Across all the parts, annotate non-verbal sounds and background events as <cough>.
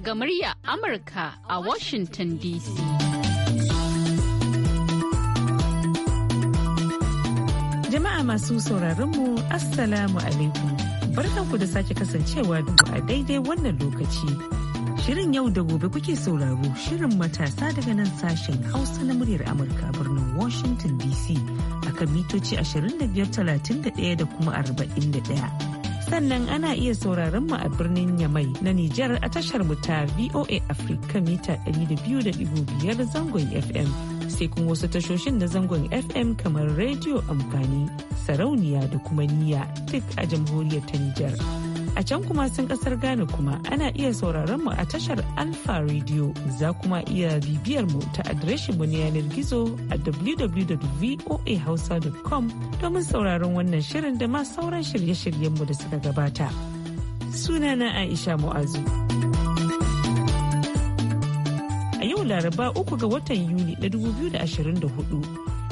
daga murya Amurka a Washington DC. Jama'a masu sauraronmu Assalamu alaikum. Barkanku da sake kasancewa da a daidai wannan lokaci. Shirin yau da gobe kuke sauraro shirin matasa daga nan sashen Hausa na muryar Amurka a birnin Washington DC kan mitoci 25-31 da kuma 41. sannan ana iya sauraron mu a birnin Yamai na Nijar a tashar mu ta VOA Africa mita 200.5 zangon FM. Sai kuma wasu tashoshin na zangon FM kamar Radio Amfani, Sarauniya da kuma niya duk a jamhuriyar ta Nijar. A can kuma sun kasar Ghana kuma ana iya sauraron mu a tashar Alpha Radio. Za kuma iya bibiyar mu ta adireshin mu na yanar gizo a www.voahausa.com domin sauraron wannan shirin da ma sauran shirye-shiryen mu da suka gabata. Sunana Aisha Mu'azu. A yau Laraba uku ga watan Yuni na 2024.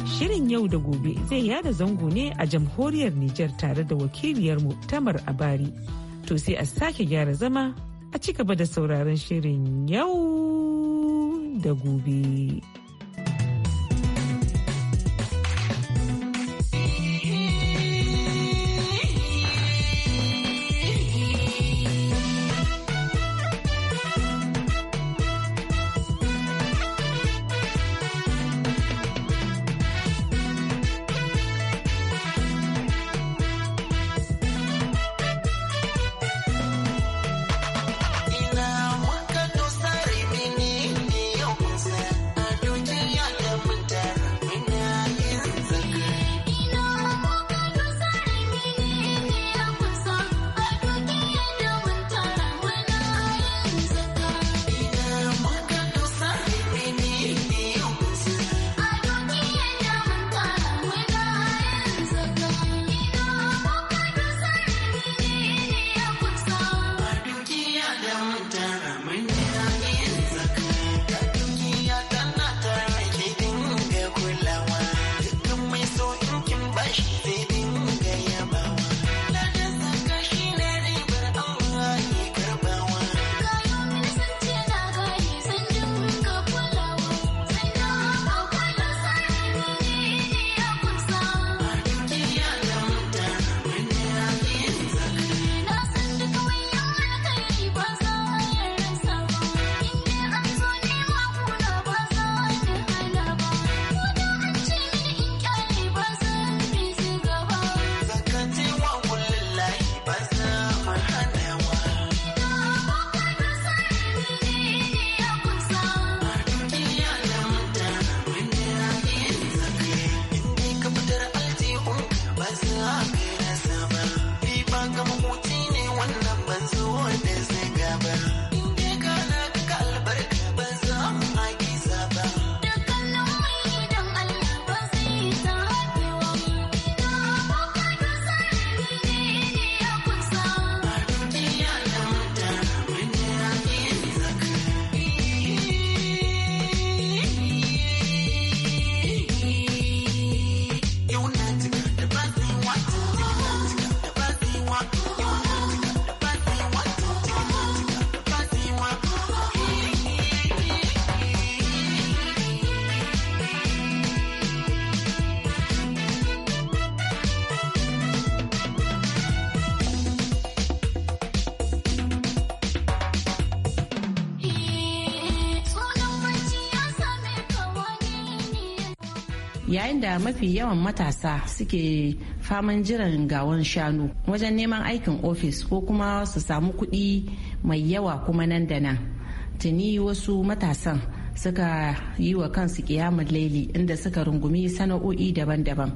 Shirin yau da gobe zai yada zango ne a jamhuriyar Nijar tare da wakiliyarmu Tamar Abari to sai a sake gyara zama a ci gaba da sauraron shirin yau da gobe. yayin da mafi yawan matasa suke faman jiran gawan shanu wajen neman aikin ofis ko kuma su samu kuɗi mai yawa kuma nan da nan tuni wasu matasan suka yi wa kansu kiyamun laili inda suka rungumi sana'o'i daban-daban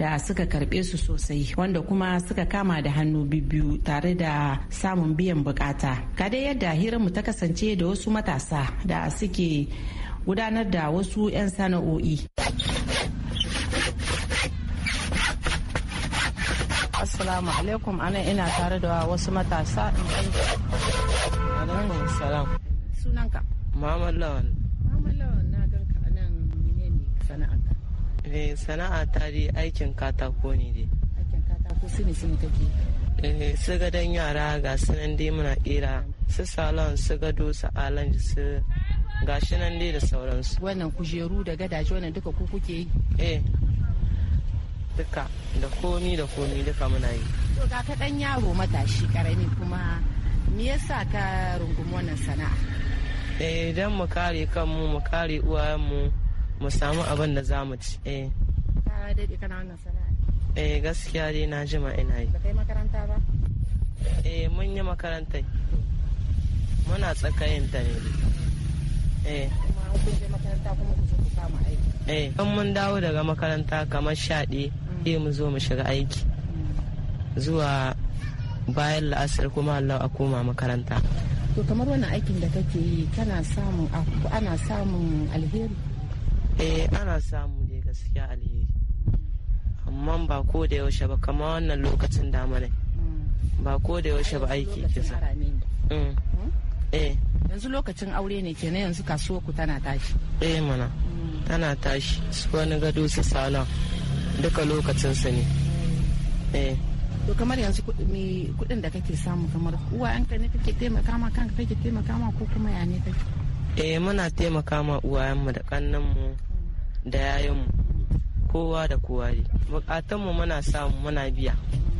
da suka karbe su sosai wanda kuma suka kama da hannu biyu tare da samun biyan bukata kada yadda hiranmu ta kasance da wasu matasa da suke gudanar da wasu 'yan sana'o'i Assalamu alaikum ana ina tare da wasu matasa. Alaikum salam. Sunanka? Muhammad Lawan. Muhammad Lawan na ganka anan menene sana'arka? Eh sana'a ta dai aikin katako ne dai. Aikin katako su ne su ne kake? Eh su gadon yara ga sunan dai muna kera su salon su gado su alan su gashi nan dai da sauransu. Wannan kujeru da gadaje wannan duka ku kuke yi? Eh duka da komi da komi duka muna yi to ga ka dan yaro matashi karami kuma me yasa ka rungumi wannan sana'a eh dan mu kare kanmu mu kare uwayenmu mu samu abin da za mu ci eh ka dade kana wannan sana'a eh gaskiya dai na jima ina yi ba makaranta ba eh mun yi makaranta muna tsakayin ta ne eh kuma kun je makaranta kuma ku je ku kama aiki eh kan mun dawo daga makaranta kamar shaɗe sai mu zo mu shiga aiki zuwa bayan la'asar kuma Allah a koma makaranta to kamar wani aikin da kake yi kana samun ana samun alheri eh ana samu dai gaskiya alheri amma ba ko da yaushe ba kamar wannan lokacin damanai ba ko da yaushe ba aiki kisa mm. hmm? eh yanzu lokacin aure ne kenan yanzu kasuwa ku tana tashi eh mana hmm. tana tashi su wani gado su salon duka lokacinsu ne eh to kamar yanzu kudin da kake samu kamar ka ne kake taimaka ma kanka kake taimaka ma ko kuma ya ne kake eh muna taimaka ma mu da kannanmu da mu kowa da kowa ne mu muna samu muna biya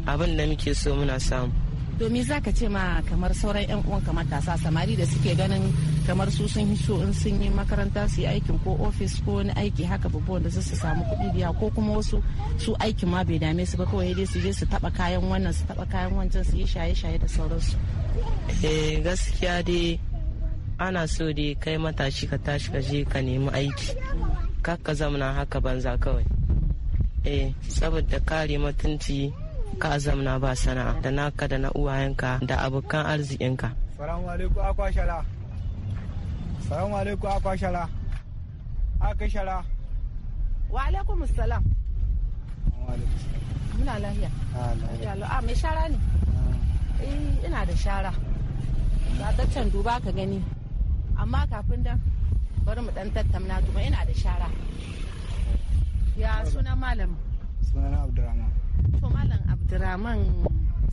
abin da muke so muna samu domin za ka ce ma kamar sauran 'yan uwanka matasa samari da suke ganin kamar su sun yi so in sun yi makaranta su yi aikin ko ofis ko wani aiki haka babban da su samu kuɗi biya ko kuma wasu su aikin ma bai dame su ba kawai dai su je su taɓa kayan wannan su taɓa kayan wancan su yi shaye-shaye da sauransu. Eh, gaskiya dai ana so dai kai matashi ka tashi ka je ka nemi aiki kakka zamana haka banza kawai eh saboda kare mutunci ka zamna ba sana da naka da na uwayenka da abokan arzikinka salamu alaikum akwashala salamu alaikum akwashala akashala wa alaikum salam muna lahiya ah, a ah, mai shara ne ah. eh, ina da shara ba can duba ka gani amma kafin dan bari mu dan tattamna kuma ina da shara ya suna malam. sunana abdurrahman to malam abdurrahman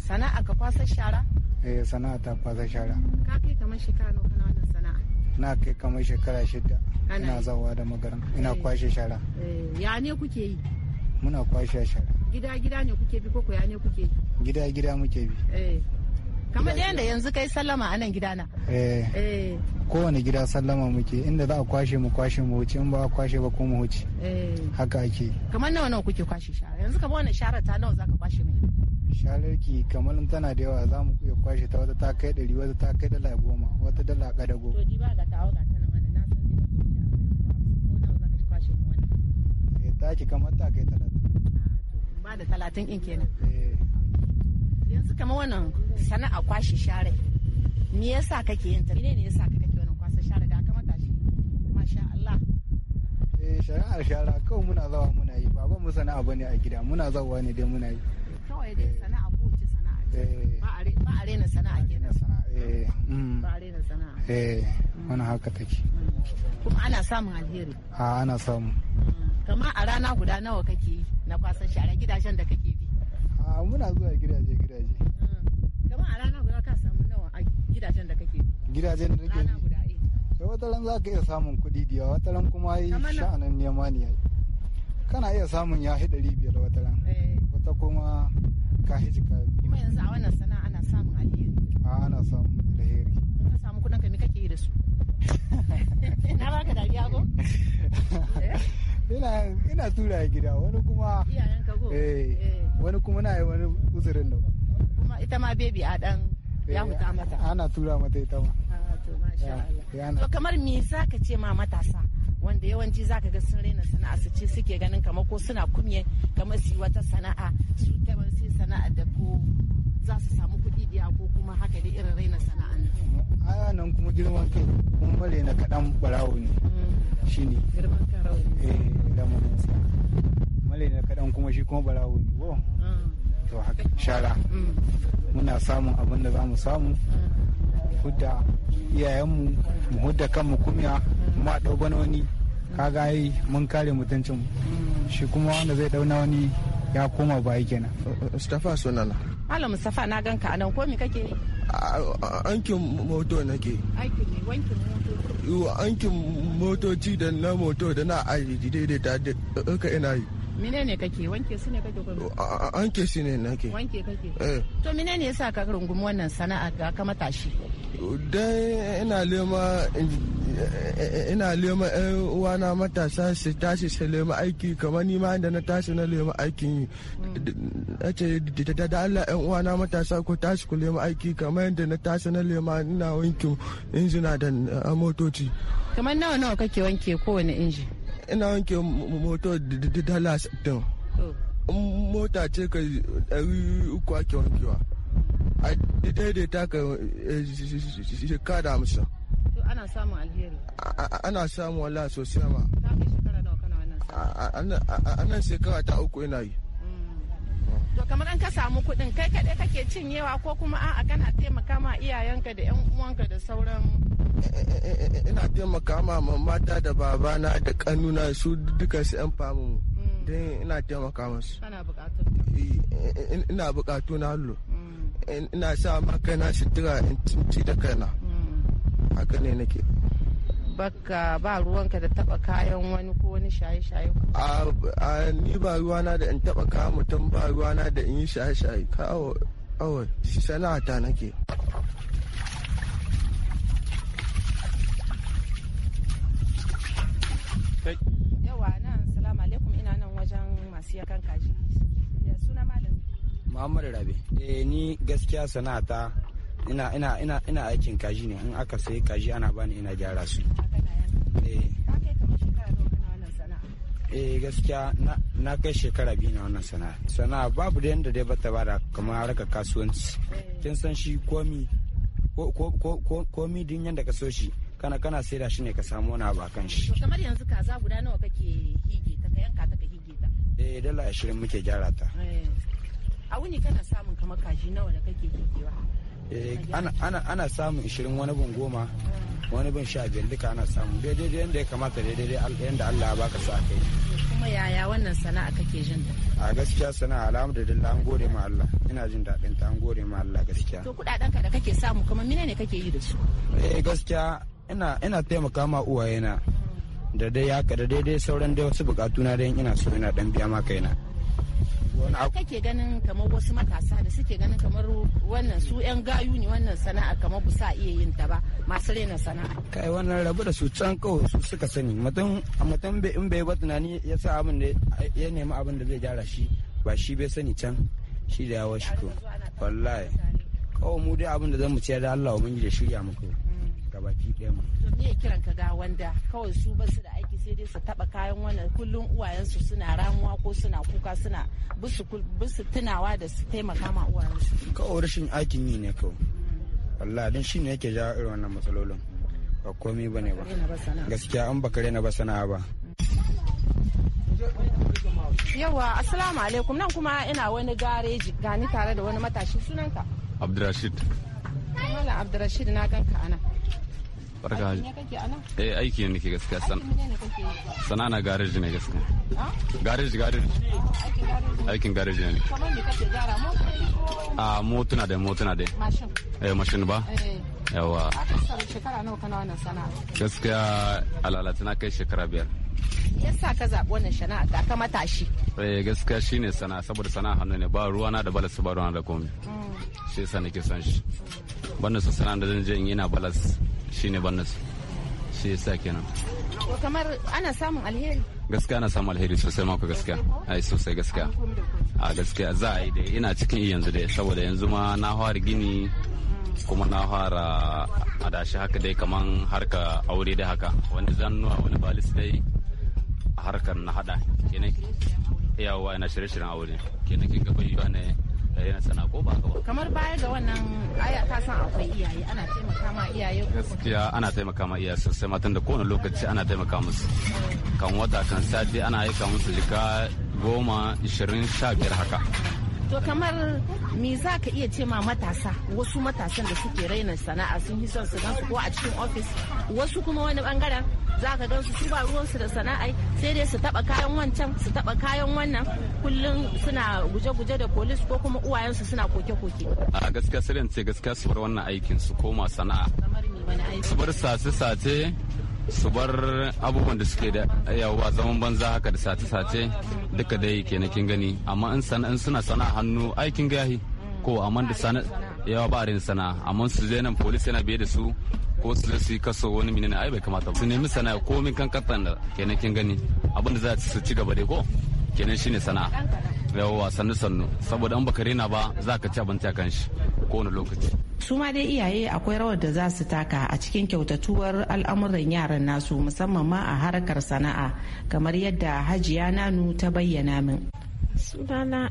sana'a ka kwasar shara eh sana'a ta kwasa shara ka kai kamar shekara nawa kana wannan sana'a na kai kamar shekara shida ina zawa da magaran ina eh. kwashe shara eh, ya ne kuke yi muna kwashe shara gida gida ne kuke bi ko ya ne kuke yi? gida gida muke bi eh. kamar da yanda yanzu kai sallama a nan gidana eh. eh kowane gida sallama muke inda za a kwashe mu kwashe mu wuce in ba a kwashe ba ko mu wuce eh. haka ake kamar nawa nawa kuke kwashe shara yanzu kamar wannan shara ta nawa zaka kwashe mai sharar ki kamar tana da yawa za mu iya kwashe ta wata ta kai ɗari wata ta kai dala goma wata dala ƙadago to ba ga ga tana wani na san zai ko nawa za ka kwashe mu wannan eh taki kamar ta kai talatin ah, ba da talatin in kenan eh yanzu kamar wannan sana'a kwashe share me yasa kake yin ta ne yasa kake wannan kwashe share da aka mata shi masha Allah eh sana'ar shara kawai muna zawa muna yi ba mu sana'a bane a gida muna zawa ne dai muna yi kawai dai sana'a ko ce sana'a ce eh. ba a rena sana'a kenan eh mm. ba a rena sana'a eh wannan haka take mm. kuma ana samun alheri a ah, ana samu mm. kama a rana guda nawa kake yi na kwasan share gidajen da kake a muna zuwa gidaje gidaje kamar mm. a rana guda ka samu nawa a gidajen da kake gidajen da kake sai eh. wata ran za ka iya samun kuɗi da wata ran kuma yi sha'anin nema ne kana iya samun ya hi ɗari biyar wata ran eh. wata kuma ka hi jika kuma yanzu a wannan sana'a ana samun alheri a ana samun alheri in ka samu kuɗin ka me kake yi da su <laughs> na baka dariya ko <laughs> ina tura gida wani kuma eh, eh. wani kuma na yi wani uzurin nan kuma ita ma bebi a dan ya eh, huta mata ana tura mata ita ma ah, to kamar me za ka ce ma matasa wanda yawanci za ka ga sun raina sana'a su ce suke ganin kamar ko suna kumye kamar su wata sana'a su ta sai sana'a da ko za su samu kuɗi biya ko kuma haka da irin raina sana'a nan. nan kuma girman kai kuma bare na kaɗan barawo ne. Mm. shine eh, ne karawa lamarin sa male na kaɗan kuma shi kuma barawo ne wo ah. to haka shara mm. muna samun abin da za mu samu mm. hudda iyayenmu mu hudda kanmu kumya ma dau wani kaga yi mun kare mutuncin mm. shi kuma wanda zai ɗauna wani ya koma bayi kenan uh, uh, Mustafa sunana Malam Mustafa na ganka anan ko me kake aikin moto nake aikin ne wankin moto ankin motoci da na moto da na aiki ta duka ina yi menene kake wanke su ne kake ko anke shi ne nake wanke kake eh. to menene yasa ka rungumi wannan sana'a ga ka matashi dai ina lema ina lema eh, uwana matasa su tashi su lema aiki kamar ni ma da na tashi na lema aiki yi mm. ce da Allah yan uwana matasa ku tashi ku lema aiki kamar yadda na tashi na lema ina wankin injina da motoci kamar nawa nawa kake wanke kowane inji ina wanke moto dala din oh. mota ce ka ɗari uku ake wankewa a daidaita ka eh, shekara musamman ana samun alheri ana samun wala sosai ma anan shekara ta uku ina yi mm. to kamar an ka samu kuɗin kai kaɗai kake cin yawa ko kuma a kana taimaka ma iyayenka da 'yan uwanka da sauran ina taimaka ma mata da babana da kanuna su duka su 'yan famu mm. don ina taimaka masu ina bukatu na hallo mm. ina sa ma kaina sutura in ci da kaina haka ne nake baka ba ruwanka da taba kayan wani ko wani shaye-shaye a ni ba ruwana da in taba kayan mutum ba ruwana da in yi shaye-shaye kawo awa sana'ata nake yawa nan salamu alaikum ina nan wajen masu yakan kaji suna malam muhammadu rabe eh ni gaskiya sana'ata ina ina ina ina aikin kaji ne in aka sayi kaji ana bani ina gyara su eh, eh gaskiya na kai shekara biyu na wannan sana'a sana'a babu da yadda dai bata bada kamar harkar kasuwanci kin san shi komi komi din yadda ka so shi kana kana saida shi ne ka samu wani abu kan shi kamar yanzu kaza guda nawa kake hige ta ka yanka ta ka hige ta eh dala ashirin muke gyara ta eh. a wuni kana samun kamar kaji nawa da kake higewa Eh, ana samun ishirin wani bin goma wani bin sha biyar duka ana samu daidai da yadda ya kamata daidai yadda Allah ya baka sa kai kuma yaya wannan sana'a kake jin da a gaskiya sana'a alhamdulillah an gode ma Allah ina jin daɗin ta an gode ma Allah gaskiya to kuɗaɗen ka da kake samu kuma mine ne kake yi da su eh gaskiya ina ina taimaka ma uwayena da dai haka da daidai sauran dai wasu bukatu na dai ina so ina dan biya ma kaina kake ganin kamar wasu matasa da suke ganin kamar wannan su yan gayu ne wannan sana'a kamar bu sa iya yin ta ba masu rena sana'a kai wannan rabu da su can kawai su suka sani mutum a mutum in bai ba tunani ya sa abin da ya nemi abin da zai gyara shi ba shi bai sani can shi da yawa shi ko wallahi kawai mu dai abin da zan mu ciyar da Allah wa mun da shirya muku gabaki ɗaya mu. To me kiran ka ga wanda kawai su ba su da aiki sai dai su taba kayan wannan kullum uwayensu suna ramuwa ko suna kuka suna bisu tunawa da su taimaka ma uwayensu. Kawai rashin aikin yi ne kawai. Allah don shi ne yake jawo irin wannan matsalolin. Ba komai ba ne ba. Gaskiya an bakare na ba sana'a ba. Yawa, Assalamu alaikum nan kuma ina wani gareji gani tare da wani matashi sunanka. Abdurashid. Malam Abdurashid na ganka anan. barka haji eh aiki ne nake gaskiya sana na gareji ne gaskiya ah? gareji gareji aikin gareji ne a ah, motuna da motuna da eh mashin ba eh. yawa shekara nawa kana wannan sana'a gaskiya alalata na kai shekara biyar yasa ka zaɓi wannan sana'a ta ka matashi eh gaskiya shine sana'a saboda sana'a hannu ne ba ruwa na da balas ba ruwa na da komai mm. shi yasa nake san shi banda sana'a da zan je in yi na balas shine bannas shi sa kenan kamar ana samun alheri gaskiya ana samun alheri sosai mako gaskiya ai sosai gaskiya a gaskiya za a yi dai ina cikin yanzu dai saboda yanzu ma na fara gini kuma na fara adashi haka dai kaman harka aure da haka wani zannuwa wani balis dai harkar na hada kenan yawa ina shirye-shiryen aure kenan kin gaba yiwa ne kare na sana ko ba ba kamar baya ga wannan aya ta san akwai iyaye ana taimaka ma iyaye gaskiya ana taimaka ma iyaye sosai matan da kowane lokaci ana taimaka musu kan wata kan sati ana aika musu lika goma ishirin sha biyar haka to kamar me za ka iya ce ma matasa wasu matasan da suke raina sana'a sun yi son su gansu ko a cikin ofis wasu kuma wani bangaren za ka gansu su ba ruwansu da sana'a sai dai su taba kayan wancan su taba kayan wannan kullum suna guje-guje da polis ko kuma uwayensu suna koke-koke a gaskiya sai ce gaskiya su bar wannan aikin su koma sana'a su bar sace-sace su bar abubuwan da suke da yawo ba zaman banza haka da sace-sace duka dai kenan kin gani amma in sana suna sana hannu aikin gahi ko amma da sana yawa ba rin sana amma su zai nan polisi yana biye da su ko su zai su kaso wani minene ai bai kamata su nemi sana'a ko kan a da kenan kin gani abin da za su ci gaba dai ko kenan shine sana'a yawa sannu sannu saboda an baka rena ba za ka ci abinci a kan shi kowane lokaci su ma dai iyaye akwai rawar da za su taka a cikin kyautatuwar al'amuran yaran nasu musamman ma a harkar sana'a kamar yadda hajiya nanu ta bayyana min sunana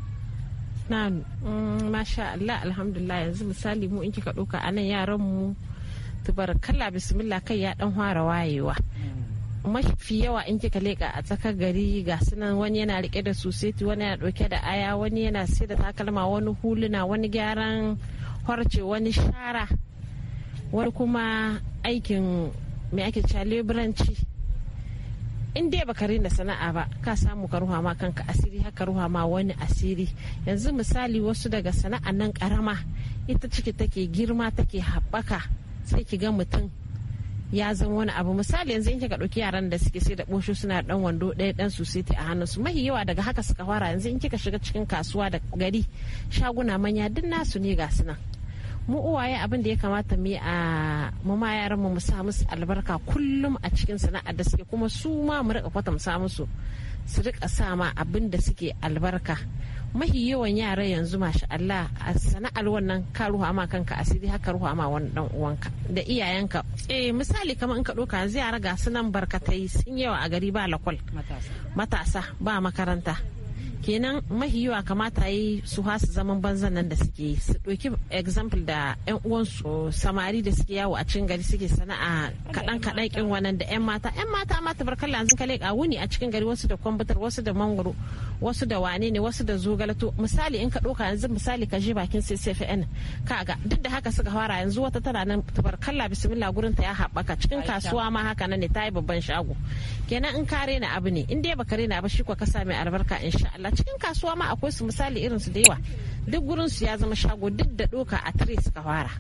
nanu mm, masha Allah alhamdulillah yanzu misali mu in kika ɗauka anan yaran mu kala bismillah kai ya dan fara wayewa mafi yawa in kika leka a tsakar gari ga sunan wani yana rike da suseti wani yana dauke da aya wani yana sai da takalma wani huluna wani gyaran horce wani shara wani kuma aikin mai ake cewa leburanci in dai baka rina sana'a ba ka samu ka ruha ma kanka asiri haka ruha ma wani asiri yanzu misali wasu daga sana'a nan karama ita ciki take girma take haɓaka sai ki ga mutum ya zama wani abu misali yanzu in kika ɗauki yaran da suke sai da ɓosho suna ɗan wando ɗaya ɗan su sai a hannunsu mahi yawa daga haka suka fara yanzu in kika shiga cikin kasuwa da gari shaguna manya duk nasu ne ga suna mu uwaye abin da ya kamata mu a mu ma yaran mu mu sa musu albarka kullum a cikin sana'ar da suke kuma su ma mu rika kwata mu sa musu su rika sa ma abin da suke albarka mahi yawan yara yanzu masha Allah a sana'ar wannan ka ruha ama kanka asiri haka ruha ama wani dan uwanka da iyayenka eh misali kamar in ka doka yanzu yara ga sunan barkatai sun yawa a gari ba lakwal matasa ba makaranta kenan mahi yawa kamata yi su hasu zaman banzan nan da suke su ɗauki example da 'yan uwansu samari da suke yawo a cikin gari suke sana'a kaɗan kaɗan kin wannan da 'yan mata 'yan mata mata barkalla yanzu ka leƙa wuni a cikin gari wasu da kwambutar wasu da mangoro wasu da wane ne wasu da zugalato misali in ka ɗauka yanzu misali ka je bakin ccfn kaga duk da haka suka fara yanzu wata tana nan tabarkalla bismillah gurin ta ya haɓaka cikin kasuwa ma haka nan ne ta yi babban shago kenan in ka rena abu ne in dai baka rena ba shi ko ka sami albarka insha Allah cikin kasuwa ma akwai su misali irin su da yawa duk gurin su ya zama shago duk da doka a tare suka fara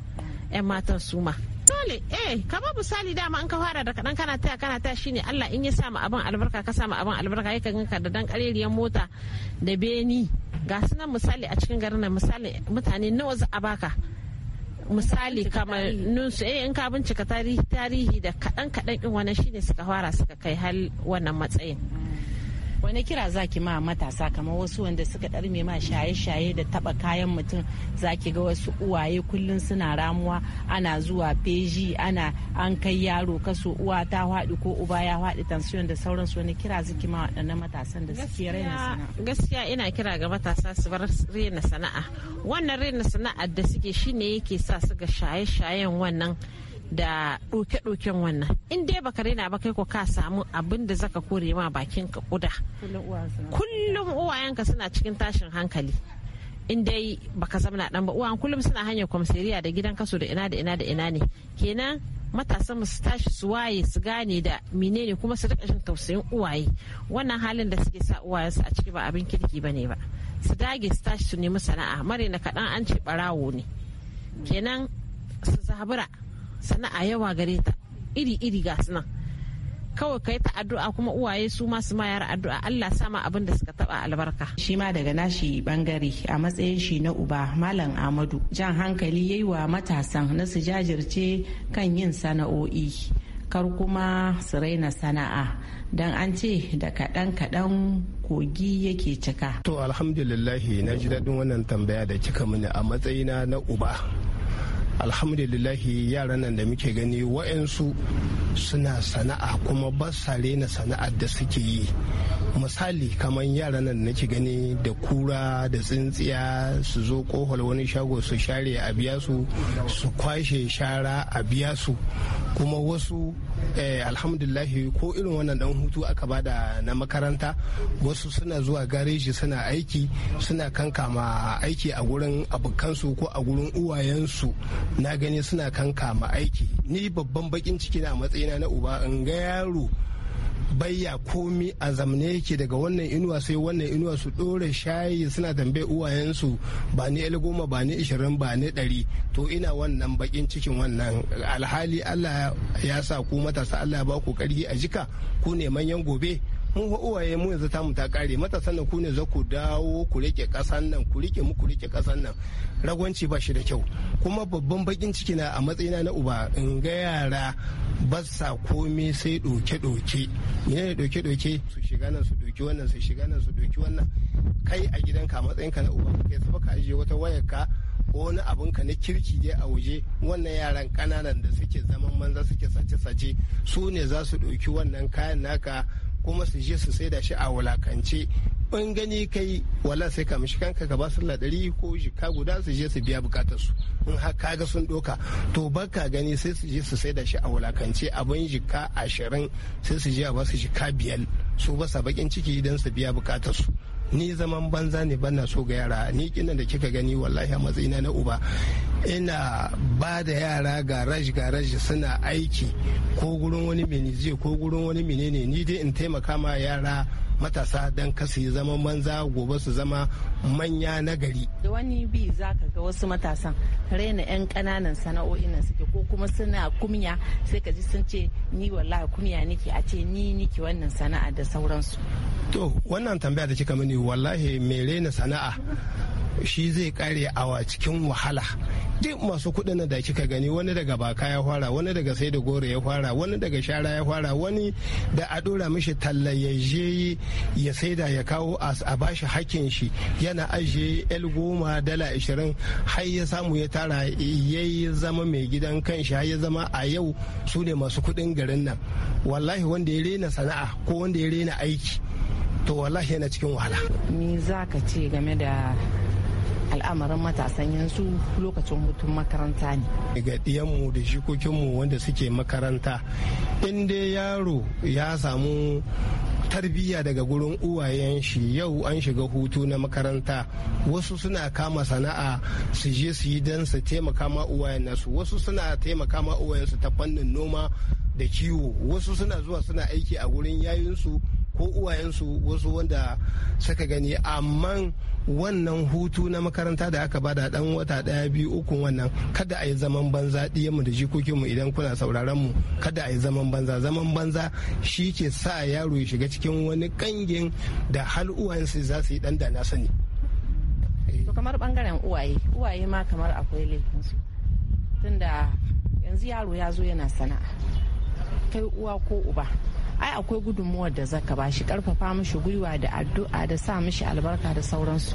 'yan matan su ma dole eh kamar misali dama an ka fara da kadan kana taya kana taya shine Allah in ya samu abin albarka ka samu abin albarka yakan ganka da dan kareriyar mota da beni ga sunan misali a cikin garin nan misali mutane nawa za a baka misali kamar nunsu eh in ka bincika tarihi tarihi da kadan kadan in wannan shine suka fara suka kai hal wannan matsayin wani kira zaki ma matasa kamar wasu wanda suka ɗarme ma shaye-shaye da taba kayan mutum zaki ga wasu uwaye kullum suna ramuwa ana zuwa feji ana an kai yaro kaso uwa ta haɗu ko uba ya haɗu tansiyon da sauransu wani kira zaki ma waɗannan matasan da suke raina sana'a gaskiya ina kira ga matasa su bar raina sana'a wannan raina sana'a da suke shine yake sa su ga shaye-shayen wannan da ɗoke-ɗoken wannan in dai baka rena ba kai ko ka samu abin da zaka kore ma bakin ka kuda kullum uwayenka suna cikin tashin hankali in dai baka zamana dan ba uwan kullum suna hanyar kwamseriya da gidan kaso da ina da ina da ina ne kenan matasan su tashi su waye su gane da menene kuma su rika jin tausayin uwaye wannan halin da suke sa su a ciki ba abin kirki bane ba su dage su tashi su nemi sana'a mare na kaɗan an ce ɓarawo ne kenan su zabura sana'a yawa gare ta iri-iri ga suna kawai kai ta addu'a kuma uwaye su ma su mayar addu'a Allah sama abin da suka taba albarka shi ma daga nashi bangare a matsayin shi na uba malam Amadu jan hankali yayi wa matasan na su jajirce kan yin sana'o'i kar kuma su raina sana'a dan an ce da kaɗan kaɗan kogi yake cika. To alhamdulillah na ji daɗin wannan tambaya da kika mini a matsayina na uba alhamdulillahi yaran nan da muke gani wa'yansu suna sana'a kuma ba sa rena sana'ar da suke yi misali kamar yaran nan nake gani da kura da tsintsiya su zo kohol wani shago su share a biya su su kwashe shara a biya su kuma wasu Eh, alhamdulillahi ko irin wannan dan hutu aka bada na makaranta wasu suna zuwa gareji suna aiki suna kankama aiki a gurin abokansu ko a gurin uwayensu na gani suna kankama aiki ni babban bakin ciki na matsayina na uba in ga yaro bayya komi a zamne yake daga wannan inuwa sai wannan inuwa su ɗora shayi suna tambaye uwayensu ba ni el goma ba ni ishirin ba ni ɗari to ina wannan bakin cikin wannan alhali allah ya sa ku matasa allah ya ba ku ƙarfi a jika ku ne manyan gobe mu uwaye mu yanzu tamu ta kare matasa sannan ku ne za ku dawo ku rike kasan nan ku rike mu ku rike kasan nan ragwanci ba shi da kyau kuma babban bakin ciki na a matsayina na uba in ga yara ba sa komai sai doke doke ne doke doke su shiga nan su doki wannan su shiga nan su doki wannan kai a gidan ka a ka na uba kai saba ka je wata wayar ka wani ka na kirki dai a waje wannan yaran kananan da suke zaman manza suke sace-sace su ne za su ɗauki wannan kayan naka kuma su je su saida shi a wulakance in gani kai wala sai ka mishi kanka ka ba su ɗari ko ka guda su je su biya bukatar su in har ga sun doka to baka gani sai su je su sai da shi a wulakance abin jika ashirin sai su je a ba su jika biyar su ba sa bakin ciki idan su biya bukatar su ni zaman banza ne ban na so ga yara ni kinan da kika gani wallahi a matsayina na uba ina ba da yara garaj garaj suna aiki ko gurin wani minizi ko gurin wani menene ni dai in taimaka ma yara matasa don kasu zama manza gobe su zama manya na gari. Da wani bi za ka ga wasu matasan raina 'yan kananan sana'o'in nan suke ko kuma suna kumya sai ka ji sun ce ni walla kumya nike a ce ni nike wannan sana'a da sauransu. To wannan tambaya da kika mini wallahi mai raina sana'a shi zai kare awa cikin wahala duk masu kuɗin da kika gani wani daga baka ya fara wani daga sai da goro ya fara wani daga shara ya fara wani da a dora mishi talla ya je ya saida ya kawo a bashi hakkin shi yana ajiye el goma dala ishirin har ya samu ya tara ya zama mai gidan kanshi har ya zama a yau su ne masu kuɗin garin nan wallahi wanda ya rena sana'a ko wanda ya rena aiki to wallahi yana cikin wahala. Me za ka ce game da al'amarin matasan yanzu lokacin hutun makaranta ne Daga ɗiyanmu da shikokinmu wanda suke makaranta inda yaro ya samu tarbiyya daga gurin uwayen shi yau an shiga hutu na makaranta wasu suna kama sana'a su je su yi don su taimaka ma uwayen nasu wasu suna taimaka ma uwayen su ta fannin noma da kiwo wasu suna zuwa suna aiki a gurin yayinsu ko uwayensu wasu wanda suka gani amma wannan hutu na makaranta da aka bada dan wata daya biyu uku wannan kada a yi zaman banza mu da jikokinmu idan kuna sauraron mu kada a yi zaman banza zaman banza shi ke sa yaro ya shiga cikin wani kangin da hal uwayensu za su yi dan da na sani eh. to kamar bangaren uwaye uwaye ma kamar akwai laifinsu tunda yanzu yaro ya zo yana sana'a kai uwa ko uba ai akwai gudunmuwar da zaka ba shi karfafa mishi gwiwa da addu'a da sa mishi albarka da sauransu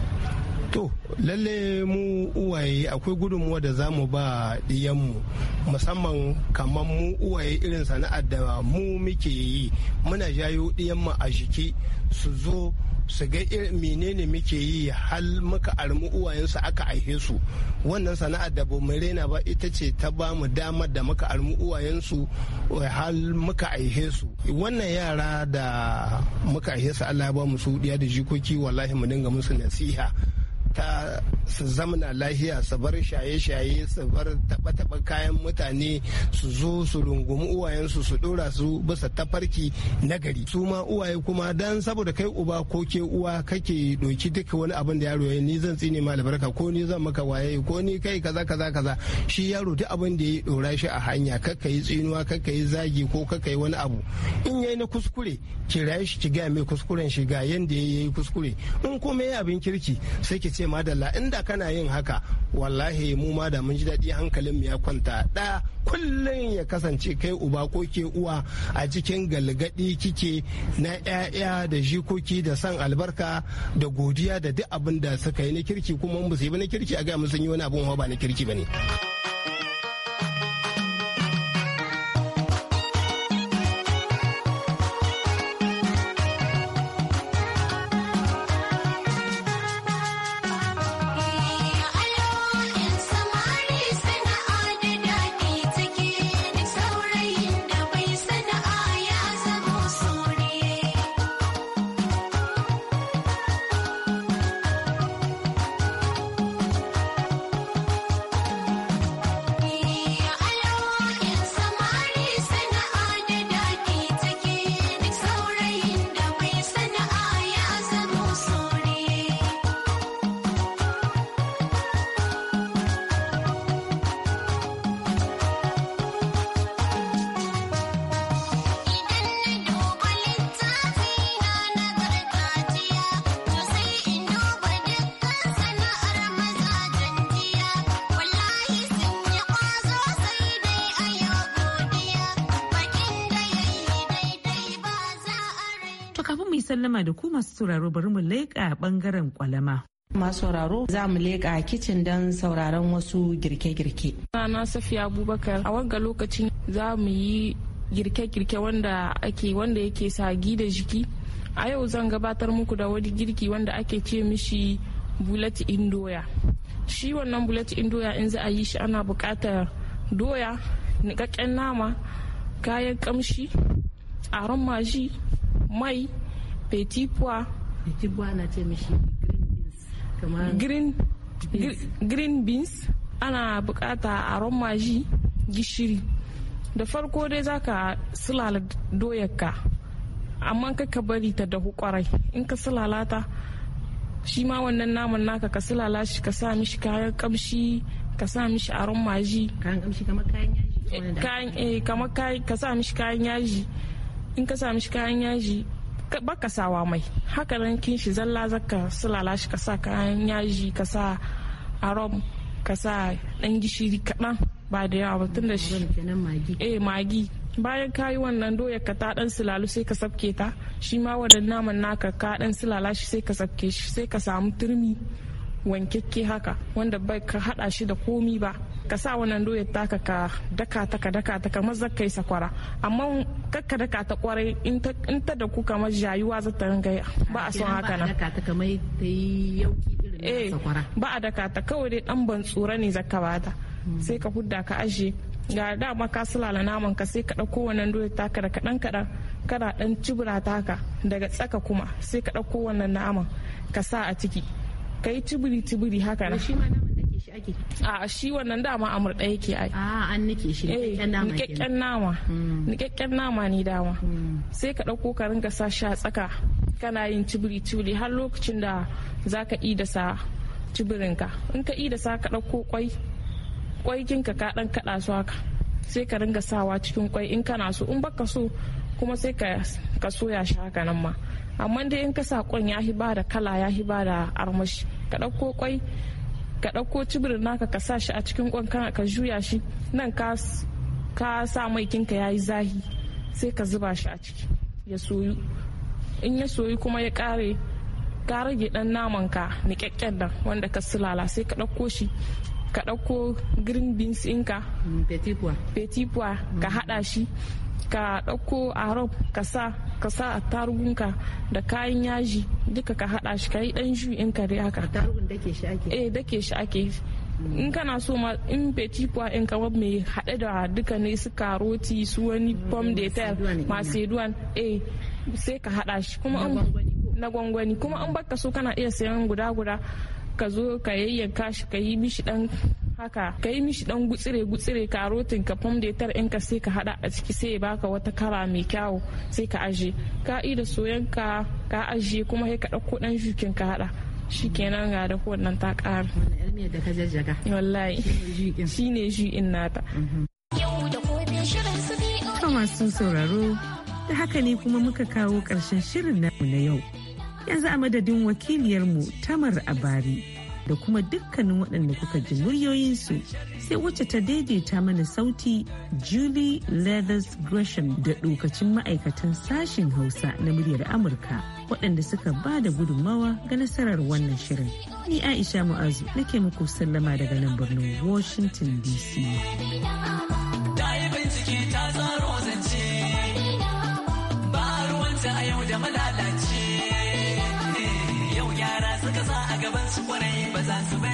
to lalle mu uwaye akwai gudunmuwa da za mu ba mu musamman kamar mu uwaye irin sana'ar da mu muke yi muna jayo ɗiyanmu a jiki su zo su ga menene muke yi hal muka armi uwayensu aka aihe su wannan sana'ar da ba rena ba ita ce ta ba mu damar da muka armi uwayensu hal muka aihe su wannan yara da muka aihe su Allah ya ba mu su diya da jikoki wallahi mu dinga musu nasiha ta su zamana lahiya su bar shaye-shaye su bar taba-taba kayan mutane su zo su rungumi uwayensu su dora su bisa tafarki na gari su ma uwaye kuma dan saboda kai uba ko ke uwa kake doki duka wani abin da yaro ya ni zan tsine ma albarka ko ni zan maka waye ko ni kai kaza kaza kaza shi yaro duk abin da ya dora shi a hanya kakka yi tsinuwa kakka yi zagi ko kakka yi wani abu in yayi na kuskure kira shi ki ga mai kuskuren shi ga yanda yayi kuskure in kuma yayi abin kirki sai ki ce madalla in da kana yin haka wallahi mu ma da mun ji daɗi hankalin mu ya kwanta ɗaya kullum ya kasance kai uba ko ke uwa a cikin galgadi kike na 'ya'ya da jikoki da san albarka da godiya da duk abin da suka yi na kirki kuma mu su yi na kirki a ga mun sun yi wani abun ba na kirki ba ne. sallama da ku masu sauraro bari mu leƙa bangaren kwalama. Masu sauraro za mu leƙa kicin don sauraron wasu girke-girke. na Safiya Abubakar a wanga lokacin za mu yi girke-girke wanda ake wanda yake sagi da jiki. A yau zan gabatar muku da wani girki wanda ake ce mishi bulati indoya. Shi wannan bulati indoya in za a yi shi ana buƙatar doya, niƙaƙƙen nama, kayan ƙamshi, aron maji, mai petit pois petit pois ana ce mishi green beans green beans ana bukata a romaji gishiri da farko dai zaka sulala ka amma kai ka bari ta dahu kwarai in ka sulalata shi ma wannan naman naka ka sulala shi ka sa mishi kayan kamshi ka sa mishi aron maji kayan kamshi kamar kayan yaji eh, eh, kamar ka sa mishi kayan yaji in ka sa mishi kayan yaji baka sawa mai haka nan kin shi zalla zaka sulala shi ka sa kayan yaji ka sa arom ka sa dan gishiri kaɗan ba da yawa ba tun da shi eh magi bayan ka yi wannan doya ka ta dan sulalu sai ka sabke ta shi ma wannan naman naka ka dan sulala shi sai ka sabke shi sai ka samu turmi wankekke haka wanda bai ka hada shi da komi ba ka sa wannan doyar taka ka daka ta ka daka ta kamar zaka yi sakwara amma kakka daka ta kwarai in ta da ku kamar jayuwa za ta ringa ba a son haka nan eh, ba a daka ta kawai dai dan ban tsura ne zaka bata hmm. sai ka hudda ka ajiye ga dama ka sulala naman ka sai ka ɗauko wannan doyar taka da kaɗan kaɗan kana dan cibira taka daga tsaka kuma sai ka dauko wannan naman ka sa a ciki ka yi cibiri tubiri haka na ake a shi wannan dama a ɗaya yake ai a ah, an nike shi nikakken eh, nama nikakken hmm. nama ne dama hmm. sai ka ɗauko ka ringa sa sha tsaka kana yin cibiri cibiri har lokacin da za ka da sa cibirinka in ka da sa ka ɗauko kwai kwai kin ka ɗan kaɗa su haka sai ka ringa sawa cikin kwai in kana so in baka so kuma sai ka soya shi haka nan ma amma dai in ka sa kwan ya hiba da kala ya hiba ba da armashi ka ɗauko kwai ka ɗauko cibirin naka ka sa shi a cikin kwan ka juya shi nan ka sa mai kinka ya yi zahi sai ka zuba shi a ciki ya soyu in ya soyu kuma ya ƙare ka rage ɗan naman ka niƙaƙƙen nan wanda ka sulala sai ka ɗauko shi ka ɗauko green beans ɗinka mm, petit ka mm. haɗa shi ka ɗauko arab ka sa ka sa da kayan yaji duka ka hada shi ka yi ɗan ju in kare haka tarihun dake shi ake eh dake shi ake in kana so ma in beti kwa in kawar mai haɗe da duka ne su karoti su wani mm, pom de tel macedoine eh sai ka hada shi kuma na gwangwani kuma an baka so kana iya sayan guda guda ka zo ka yayyanka shi ka yi mishi dan haka ka yi mishi dan gutsire gutsire karotin ka fam da in ka sai ka hada a ciki sai ya baka wata kara mai kyawu sai ka aje ka yi da soyan ka ka aje kuma sai ka dauko dan jukin ka hada kenan ga da wannan ta kara da ka jajjaga wallahi shine jukin nata mhm. masu sauraro da haka ne kuma muka kawo ƙarshen shirin na yau yanzu a madadin wakiliyarmu tamar abari da kuma dukkanin waɗanda kuka ji muryoyinsu sai wacce ta daidaita mana sauti Julie Leathers Gresham da ɗokacin ma'aikatan sashen Hausa na muryar Amurka waɗanda suka ba da gudunmawa ga nasarar wannan shirin. Ni Aisha Mu'azu nake muku sallama daga nan birnin Washington DC. yau da malala. kwarai ba za